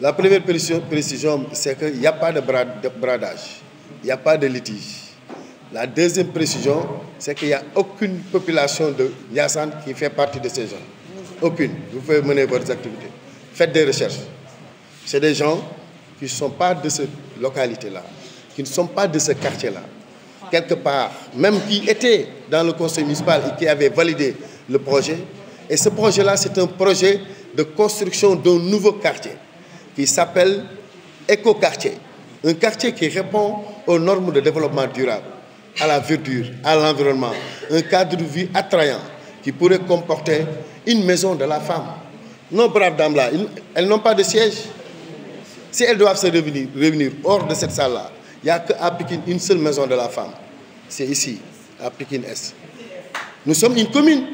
La première précision, c'est qu'il n'y a pas de bradage, il n'y a pas de litige. La deuxième précision, c'est qu'il n'y a aucune population de Yassane qui fait partie de ces gens. Aucune. Vous pouvez mener vos des recherches. C'est des gens qui ne sont pas de cette localité-là, qui ne sont pas de ce quartier-là. Quelque part, même qui étaient dans le conseil municipal et qui avaient validé le projet. Et ce projet-là, c'est un projet de construction d'un nouveau quartier. qui s'appelle Écoquartier, un quartier qui répond aux normes de développement durable, à la verdure, à l'environnement, un cadre de vie attrayant qui pourrait comporter une maison de la femme. non braves dames-là, elles n'ont pas de siège. Si elles doivent se réunir, hors de cette salle-là, il n'y a qu'à Pékin une seule maison de la femme. C'est ici, à Pékin-Est. Nous sommes une commune.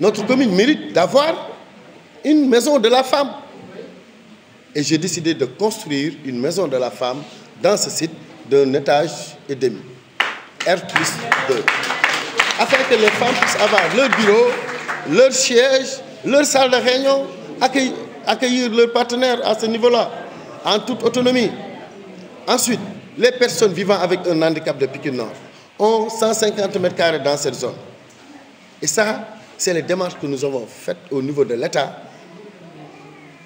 Notre commune mérite d'avoir une maison de la femme. et j'ai décidé de construire une maison de la femme dans ce site d'un étage et demi, R plus 2, afin que les femmes puissent avoir leur bureau, leur siège, leur salle de réunion, accueillir, accueillir leurs à ce niveau-là, en toute autonomie. Ensuite, les personnes vivant avec un handicap de Pikine Nord ont 150 mètres carrés dans cette zone. Et ça, c'est les démarches que nous avons faites au niveau de l'État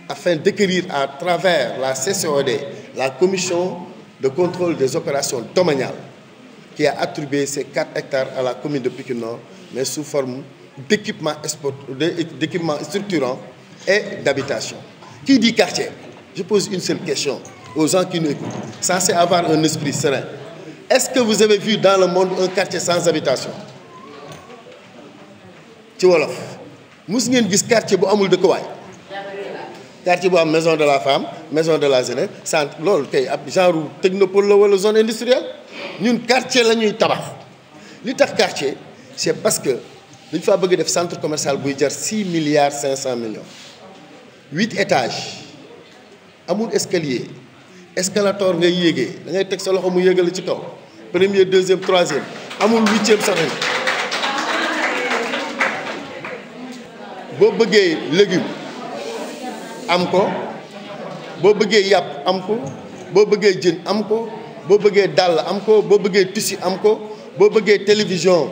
afin d'acquérir à travers la CCOD, la commission de contrôle des opérations domaniales, qui a attribué ces 4 hectares à la commune de Pique Nord, mais sous forme d'équipements structurants et d'habitation. Qui dit quartier Je pose une seule question aux gens qui nous écoutent, censés avoir un esprit serein. Est-ce que vous avez vu dans le monde un quartier sans habitation ci wolof mus ngeen gis quartier bu amul de dëkkuwaay quartier boo am maison de la fem maison de la jeunesse centre loolu tey ab genre technopole la wala zone industrielle ñun quartier la ñuy tabax li tax quartier c'est parce que dañ faa bëgg def centre commercial buy jar six milliards cinq cent millions huit étages amul escalier escalator ngay yéegee da ngay teg sa loxo mu yéegale ci kaw premier deuxième troisième amul huitième sax boo bëggee légume am ko boo bëggee yàpp am ko boo bëggee jën am ko boo bëggee dàll am ko boo bëggee tissu am ko boo bëggee télévision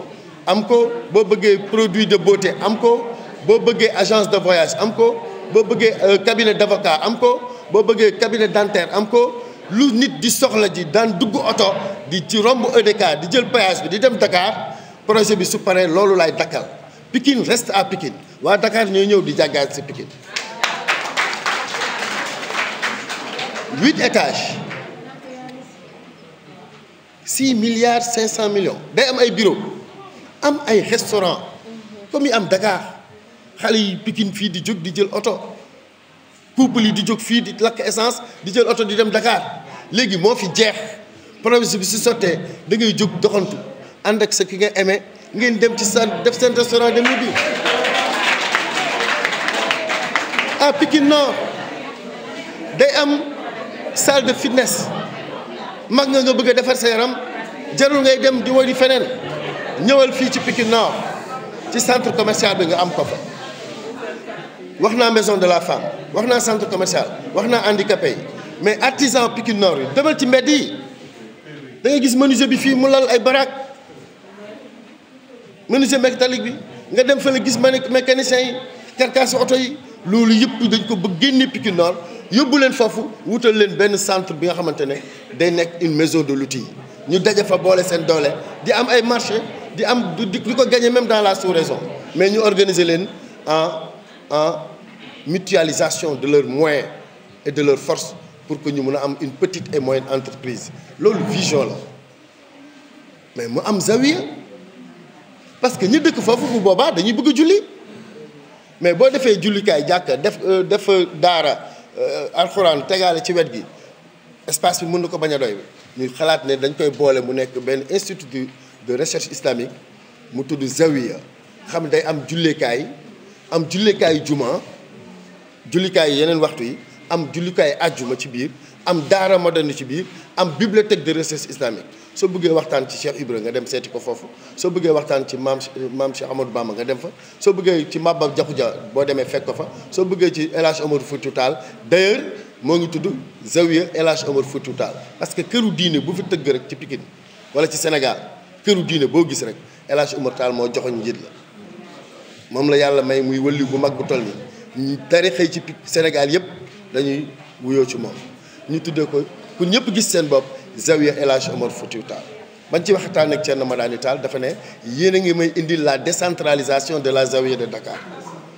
am ko boo bëggee produit de beauté am ko boo bëggee agence de voyage am ko boo bëggee cabinet d'avocat am ko boo bëggee cabinet dentaire am ko lu nit di soxla ji daan dugg oto di ci romb EDK di jël péage bi di dem dakaar projet bi su paree loolu laay dakkal Pikine reste à Pikine waa dakaar ñooy ñëw di jàggaat si Pikine huit étages six milliards cinq cent millions day am ay bureau am ay restaurant comme yi am Dakar xale yi Pikine fii di jóg di jël oto couple yi di jóg fii di lakk essence di jël oto di dem Dakar léegi moo fi jeex projet bi si sottee da ngay jóg doxantu ànd ak sa ki nga aimé ngeen dem ci sa def seen restaurant dem bi ah Pikine Nord day am salle de fitness mag nga nga bëgg a defar sa yaram jarul ngay dem di yi feneen ñëwal fii ci Pikine Nord ci centre commercial bi nga am ko fa wax naa maison de la femme wax naa centre commercial wax naa handicapé yi mais artisan Pikine Nord yi demal ci mbedd yi da gis menuisier bi fii mu lal ay baraak menuisier métallique bi nga dem fa la gis mécanicien yi carcasse oto yi loolu yëpp dañ ko bëgg génne Pikine Nord yóbbu leen foofu wutal leen benn centre bi nga xamante ne day nekk une maison de l'outil ñu daje fa boole seen doole di am ay marché di am di di ko gagner même dans la sous-région mais ñu organiser leen en en mutualisation de leur moyen et de leur force pour que ñu mun a am une petite et moyenne entreprise loolu vision la mais mu am zawiya parce que ñu dëkk foofu bu boobaa dañuy bëgg julli mais boo defee jullikaay jàkka def euh, def euh, daara Euh, alxuraan tegaale ci wet gi espace bi mën na ko bañ a doy ñu xalaat ne dañ koy boole mu nekk benn institut de recherche islamique mu tudd Zawiya xam day am jullikaay am jullikaayu juma jullikaayu yeneen waxtu yi am jullikaayu àjjuma ci biir am daara moderne ci biir am bibliothèque de recherche islamique soo bëggee waxtaan ci Cheikh Ibra nga dem seeti ko foofu soo bëggee waxtaan ci maam maam Cheikh Amadou Bamba nga dem fa soo bëggee ci Maba Jaxu Ja boo demee fekk ko fa soo bëggee ci El Hadj Omar Foutiyou Tall moo ngi tudd Zawiya El Hadj Omar Foutiyou Tall parce que këru diine bu fi tëgg rek ci Pikine wala ci Sénégal këru diine boo gis rek El Hadj Omar moo joxoñ njiit la moom la yàlla may muy wëlliw bu mag bu toll nii tarixa yi ci Sénégal yëpp dañuy wuyoo ci moom ñu tuddee ko pour ñëpp gis seen bopp Zawiya El Hadj Omar Foutiou Tall bañ ci waxtaan ak Thierno Madani Tall dafa ne yéen a ngi may indi la décentralisation de la Zawiya de Dakar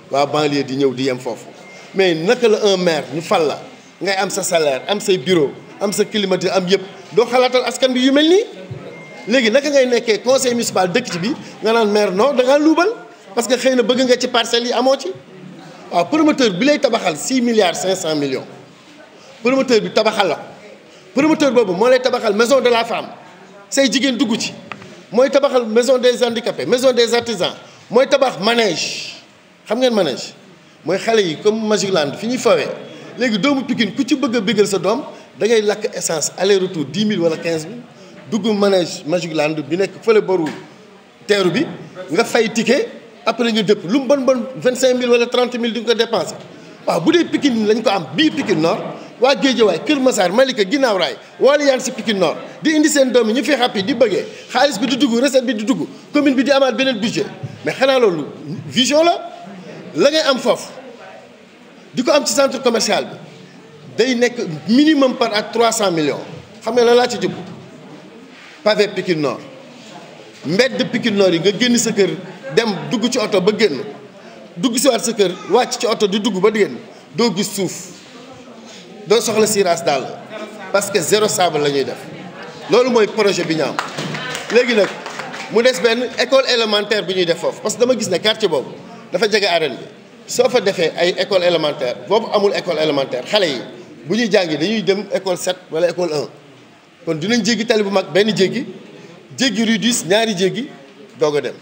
waa banlieue di ñëw di yem foofu mais naka la un maire ñu fal la ngay am sa salaire am say bureau am sa climatiseur am yëpp doo xalaatal askan bi yu mel nii léegi naka ngay nekkee conseil municipal dëkk ci bi nga naan maire non da ngaa luubal parce que xëy na bëgg nga ci parcelles yi amoo ci waaw promoteur bi lay tabaxal six milliards cinq cent millions promoteur bi tabaxal promoteur boobu moo lay tabaxal maison de la femme say jigéen dugg ci mooy tabaxal maison des handicapés maison des artisans mooy tabax manège xam ngeen manège mooy xale yi comme Magic Land fi ñuy fawee léegi doomu Pikine ku ci bëgg a bégal sa doom da ngay lakk essence aller retour dix mille wala quinze mille dugg manège Magic Land bi nekk fële boru teeru bi nga fay ticket après ñu dëpp lu mu bon bon vingt cinq mille wala trente mille di nga ko dépensé waaw bu dee Pikine lañ ko am bii Pikine Nord waa Géejawaay Kër Massar Malika Ginnaaw Raay Waliyaan si Pikine Nord di indi seen doom yi ñu fi xàppi di bëggee xaalis bi di dugg reset bi di dugg commune bi di amaat beneen budget mais xanaa loolu vision la la ngay am foofu di ko am ci centre commercial bi day nekk minimum par at 300 millions xam nga lan laa ci jubbu pavé Pikine noor mbedd Pikine Nord yi nga génn sa kër dem dugg ci oto ba génn dugg si waat sa kër wàcc ci oto di dugg ba génn doo gis suuf doo soxla cirage daal parce que zéro sable la ñuy def loolu mooy projet bi ñu léegi nag mu des benn école élémentaire bi ñuy def foofu parce que dama gis ne quartier boobu dafa jege arène bi soo fa defee ay école élémentaire boobu amul école élémentaire xale yi bu ñuy jàngi dañuy dem école 7 wala école 1 kon dinañ jéggi tali bu mag benn jéggi jéggi rue ñaari jéggi doog a dem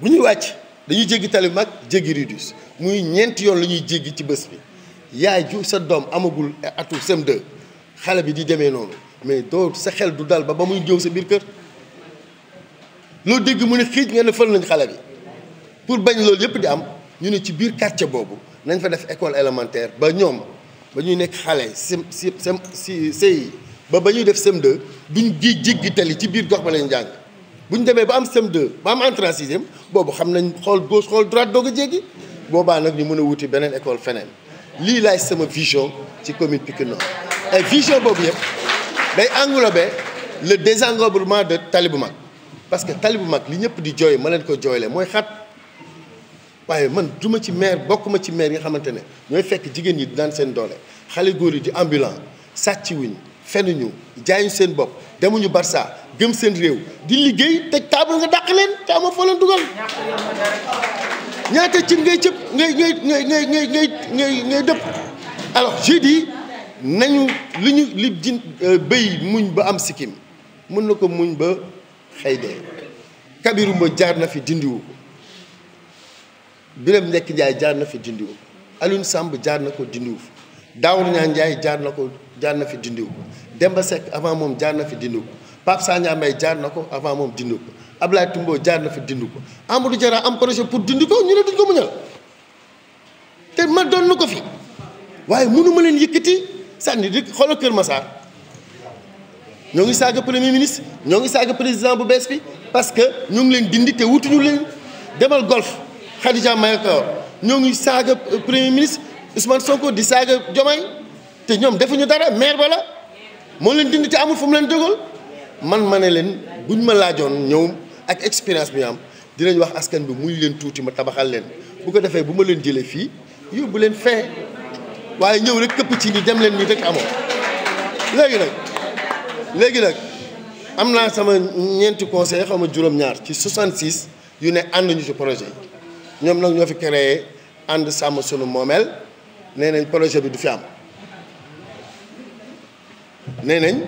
bu ñuy wàcc dañuy jéggi tali bu mag jéggi rue muy ñeenti yoon la ñuy jéggi ci bés bi yaay ju sa doom amagul atu CM2 xale bi di demee noonu mais doo sa xel du dal ba ba muy jëw sa biir kër loo dégg mu ne xiij nga ne fël nañ xale bi pour bañ loolu yëpp di am ñu ne ci biir quartier boobu nañ fa def école élémentaire ba ñoom ba ñuy nekk xale sem si sem si sey ba ba ñuy def CM2 duñ ji jéggi tali ci biir jox ba lañ jàng bu ñu demee ba am CM2 ba am entrée boobu xam nañ xool gauche xool droite doog a jéggi boobaa nag ñu mun a wuti beneen école feneen lii laay sama vision ci commune Pikine Nord et vision boobu yëpp day englober le désengorgement de tali bu mag parce que tali bu mag li ñëpp di jooy ma leen ko jooyle mooy xat waaye man duma ci maire bokkuma ci maire yi nga xamante ne ñooy fekk jigéen ñi daan seen doole xale góor yi di ambulant sàcc wuñ fenuñu jaayuñ seen bopp demuñu Barça gëm seen réew di liggéey te taabal nga dàq leen te amoo foo leen dugal. ñaata cin ngay cëpp ngay ngay ngay ngay ngay ngay ngay ngay dëpp alors je dis nañu li li jin euh, béy muñ ba am sikkim mën na ko muñ ba xëy dee kabiru ma jaar na fi dindiwu ko biram nekk njaay jaar na fi dindiwu ko Alioune Samb jaar na ko dindiwu ko Daawur Njaay jaar na ko jaar na fi dindiwu ko Demba Seck avant moom jaar na fi dindiwu ko Pape Sagna Mbaye jaar na ko avant moom dindiwu ko Ablaye Timbo jaar na fi dindi ko Amadou Diarra am projet pour dindi ko ñu ne duñ ko muñal te ma doon na ko fi waaye mënu ma leen yëkkati sànni di xoolal Kër Massar ñoo ngi saaga premier ministre ñoo ngi saaga président bu bees bi parce que ñoo ngi leen dindi te wutuñu leen demal golf Khadija Mayakor ñoo ngi saaga premier ministre Ousmane Sonko di saaga Diomaye te ñoom defuñu dara maire ba la moo leen dindi te amul fu mu leen dëgal man ma ne leen buñ ma laajoon ñëw. ak expérience bi am dinañ wax askan bi muñ leen tuuti ma tabaxal leen bu ko defee bu ma leen jëlee fii yóbbu leen fee waaye ñëw rek këpp ci ni dem leen nii rek amoo léegi nag léegi nag am naa sama ñeenti conseil xaw ma juróom-ñaar ci 66 yu ne ànd ñu ci projet yi ñoom nag ñoo fi créé ànd sàmm sunu moomeel nee nañ projet bi du fi am nee nañ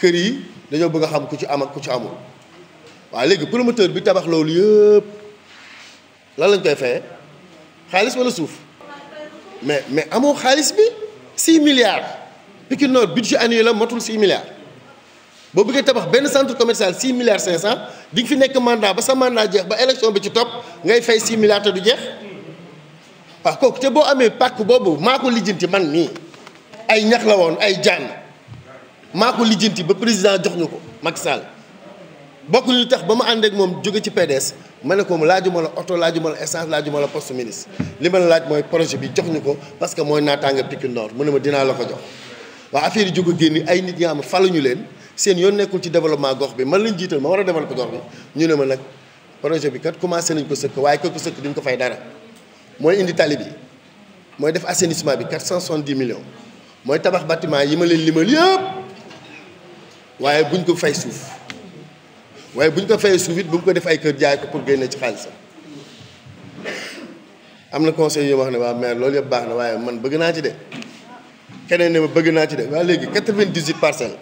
kër yi dañoo bëgg xam ku ci am ku ci amul waa léegi promoteur bi tabax loolu yëpp lan lañ koy fayee xaalis wala suuf mais mais amoo xaalis bi 6 milliards bi Nord budget annuel la motul 6 milliards boo bëggee tabax benn centre commercial 6 milliards cinq di nga fi nekk mandat ba sa mandat jeex ba élection bi ci topp ngay fay 6 milliards te du jeex waaw kooku te boo amee pàkk boobu maa ko lijjanti man nii ay ñax la woon ay jàng maa ko lijjanti ba président jox ñu ko Macky Sall bokk ñu tax ba ma ànd moom jóge ci PDS ma ne ko laajuma la oto laajuma la essence laajuma la poste ministre li ma la laaj mooy projet bi jox ñu ko parce que mooy naataange Pikine Nord mu ne ma dinaa la ko jox. waaw affaire yi jóg a génn ay nit ñi am faluñu leen seen yoon nekkul ci développement gox bi man lañ jiital ma war a développer gox bi ñu ne ma nag projet bi kat commencé nañ ko sëkk waaye ko ko sëkk duñ ko fay dara mooy indi tali bi mooy def assainissement bi 470 millions mooy tabax bâtiment yi ma leen limal yëpp waaye buñ ko fay suuf. waaye bu ñu ko fayee suuf it bu mu ko def ay kër jaay ko pour génne ci xaalisam am na conseil yu wax ne waa maire loolu yëpp baax na waaye man bëgg naa ci de keneen ne ma bëgg naa ci de waaye léegi quatre-vingt-dix-huit parcelles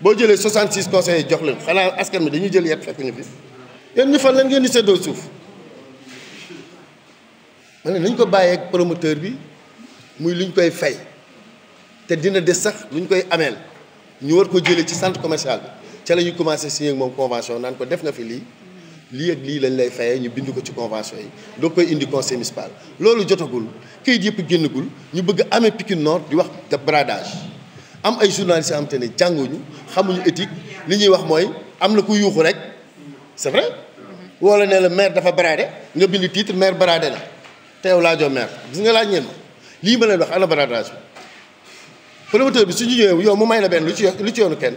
boo jëlee soixante-six conseillers jox leen xanaa askan bi dañuy jël yet fekkuñu fi yéen ñu fan lan ngeen di séddoo suuf ma ne nañ ko bàyyee ak promoteur bi muy luñ koy fay te dina des sax lu ñu koy ameel ñu war ko jëlee ci centre commercial bi ca la ñu commencé si ak moom convention naan ko def nga fi lii lii ak lii lañ lay fayee ñu bind ko ci convention yi doo koy indi conseil municipal loolu jotagul kayit yëpp génnagul ñu bëgg amee Pikine Nord di wax de bradage am ay journalistes am te ne jànguñu xamuñu éthique li ñuy wax mooy am na ku yuuxu rek c'est vrai wala nee la maire dafa bradé nga bind titre maire bradé na te yow laajoo maire gis nga laaj ngeen ma lii ma leen wax ana bradage bi promoteur bi su ñu ñëwee yow mu may la benn lu ci lu ci yoonu kenn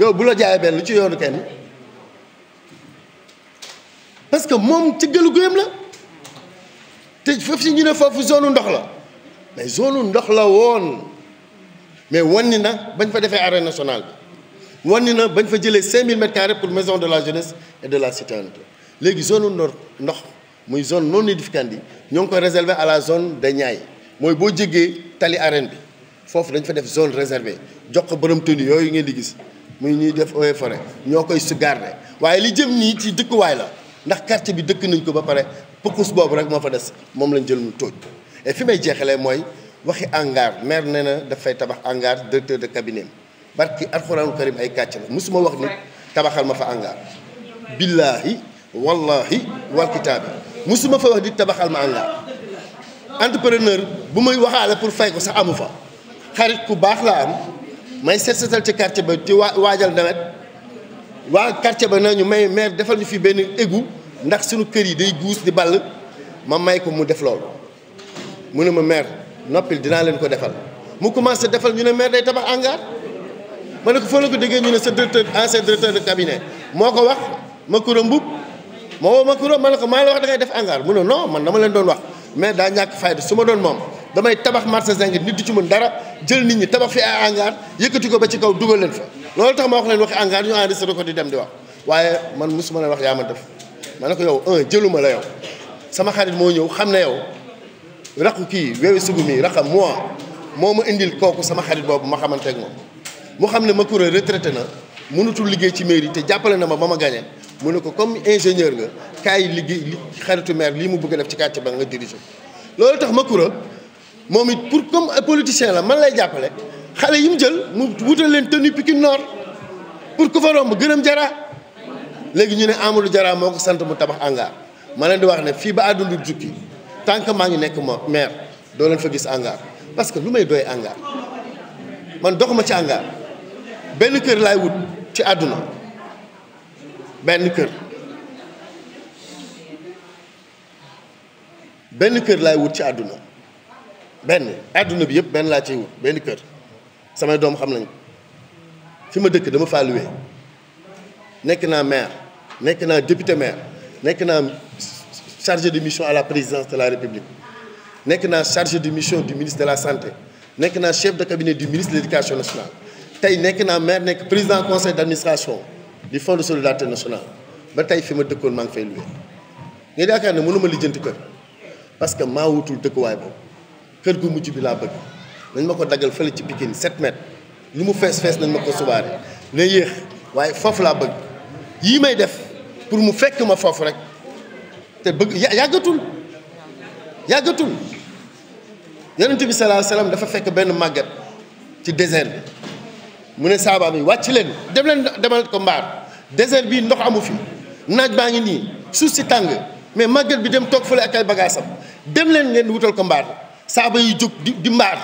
yow bu la jaayee benn lu ci yoonu kenn parce que moom ci gëlu guyam la te foofu si ñu ne foofu zone ndox la mais zone ndox la woon mais wanni na bañ fa defee arène nationale bi wanni na bañ fa jëlee 5000 mètres carrés pour maison de la jeunesse et de la citoyenneté léegi zone ndox ndox muy zone non aedificandi yi ñoo ngi koy réservé à la zone de Niayes mooy boo jégee tali arine bi foofu dañ fa def zone réservée jox ko borom tenue yooyu ngeen di gis mu ñuy def eaux et forêt ñoo koy su garder waaye li jëm nii ci dëkkuwaay la ndax quartier bi dëkk nañ ko ba pare pokkus boobu rek moo fa des moom lañ jël mu tóoj et fi may jeexalee mooy waxi engar mer ne na dafay tabax engar directeur de cabinet barki alxuraanu karim ay kàcc la musuma wax ni tabaxal ma fa engar billaahi wallahi walkitaabi musuma fa wax di tabaxal ma hangar entrepreneur bu may waxaale pour fay ko sax amu fa xarit ku baax laa am may set seetal ci quartier ba ci waa waajal nawet waa quartier ba ñu may maire defal ñu fi benn égu ndax suñu kër yi day guus di ball ma may ko mu def loolu mu ne ma maire noppil dinaa leen ko defal mu commencé defal ñu ne maire day tabax hangar ma ne ko foo la ko déggee ñu ne sa directeur ancien directeur de cabinet moo ko wax Makoura Mboup moo woo Makoura ma ne ko maa la wax da def hangar mu ne non man dama leen doon wax mais daa ñàkk fayda su ma doon moom damay tabax marché zinc nit du ci mën dara jël nit ñi tabax fi ay hangar yëkkati ko ba ci kaw dugal leen fa loolu tax ma wax leen waxi hangar ñu enregistré ko di dem di wax waaye man mosuma leen wax yaa ma def ma ne ko yow un jëluma la yow sama xarit moo ñëw xam ne yow raqu kii wewe sugu mi raqam moi moo ma indil kooku sama xarit boobu ma xamante ak moom mu xam ne Macoura retraité na mënatul liggéey ci mairie te jàppale na ma ba ma gagné mu ne ko comme ingénieur nga kaay liggéey xaritu maire lii mu bëgg a ci quartier ba nga dirige loolu tax Macoura moom it pour comme politicien la man lay jàppale xale yi mu jël mu wutal leen tenue Pikine Nord pour ku fa romb gërëm jara léegi ñu ne Amadou jaraa moo ko sant mu tabax hangar ma leen di wax ne fii ba àdduna du jukki tant que maa ngi nekk moo maire doo leen fa gis hangar parce que lu may doy hangar man doxuma ci hangar benn kër laay wut ci àdduna benn kër benn kër laay wut ci àdduna benn adduna bi yëpp benn laa ciy wut benn kër samay doom xam nañ fi ma dëkk dama faa luwe nekk naa maire nekk naa député maire nekk naa chargé de mission à la présidence de la république nekk naa chargé de mission du ministre de la santé nekk naa chef de cabinet du ministre de l'éducation nationale tey nekk naa maire nekk président conseil d'administration du fonds de solidarité nationale ba tey fi ma dëkkoon maa ngi fay luwe nga yaakaar ne mënuma lijjanti kër parce que maa wutul dëkkuwaay boobu kër gu mujj bi laa bëgg nañ ma ko daggal fële ci Pikine 7 mètres li mu fees fees nañ ma ko subaare na yéex waaye foofu laa bëgg yii may def pour mu fekk ma foofu rek te bëgg yàggatul yàggatul yonent bi salaa alayhi dafa fekk benn màggat ci désert bi mu ne saabaam yi wàcc leen dem leen demal ko mbaar désert bii ndox amu fi naaj baa ngi nii suuf si tàng mais màggat bi dem toog fële ak ay bagaasam dem leen ngeen wutal ko mbaar saaba yu jóg di di mbaar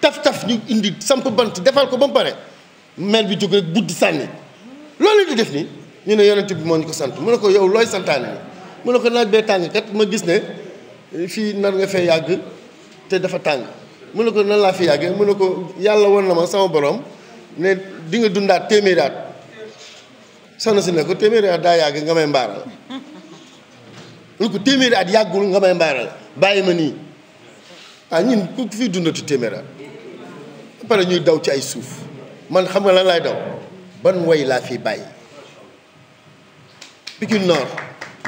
taf-taf ñu indi samp bant defal ko ba mu pare mel bi jóg rek buddi sànni loolu di def ni ñu ne yonent bi moo ñu ko sant mu ne ko yow looy santaane mu ne ko naaj bee tàng kat ma gis ne fii nar nga fee yàgg te dafa tàng mu ne ko nan laa fi yàggee mu ne ko yàlla woon na ma sama boroom ne di nga dundaat téeméeri at soxna si ne ko téeméeri at daa yàgg nga may mbaaral mu ne ko téeméeri at yàggul nga may mbaaral bàyyi ma nii ah ñun ku fi dundati téeméer ah, pare ñuy daw ci ay suuf man xam nga lan laay daw ban way laa fi bàyyi Pikine Nord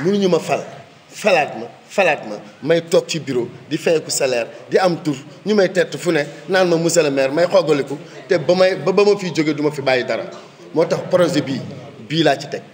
ñu ma fal falaat ma falaat ma may toog ci biro di fayeku salaire di am tur ñu may teetu fu ne naan ma monsieur le maire may xoogaliku te ba may ba ma fiy jóge duma fi bàyyi dara moo tax projet bii bii laa ci teg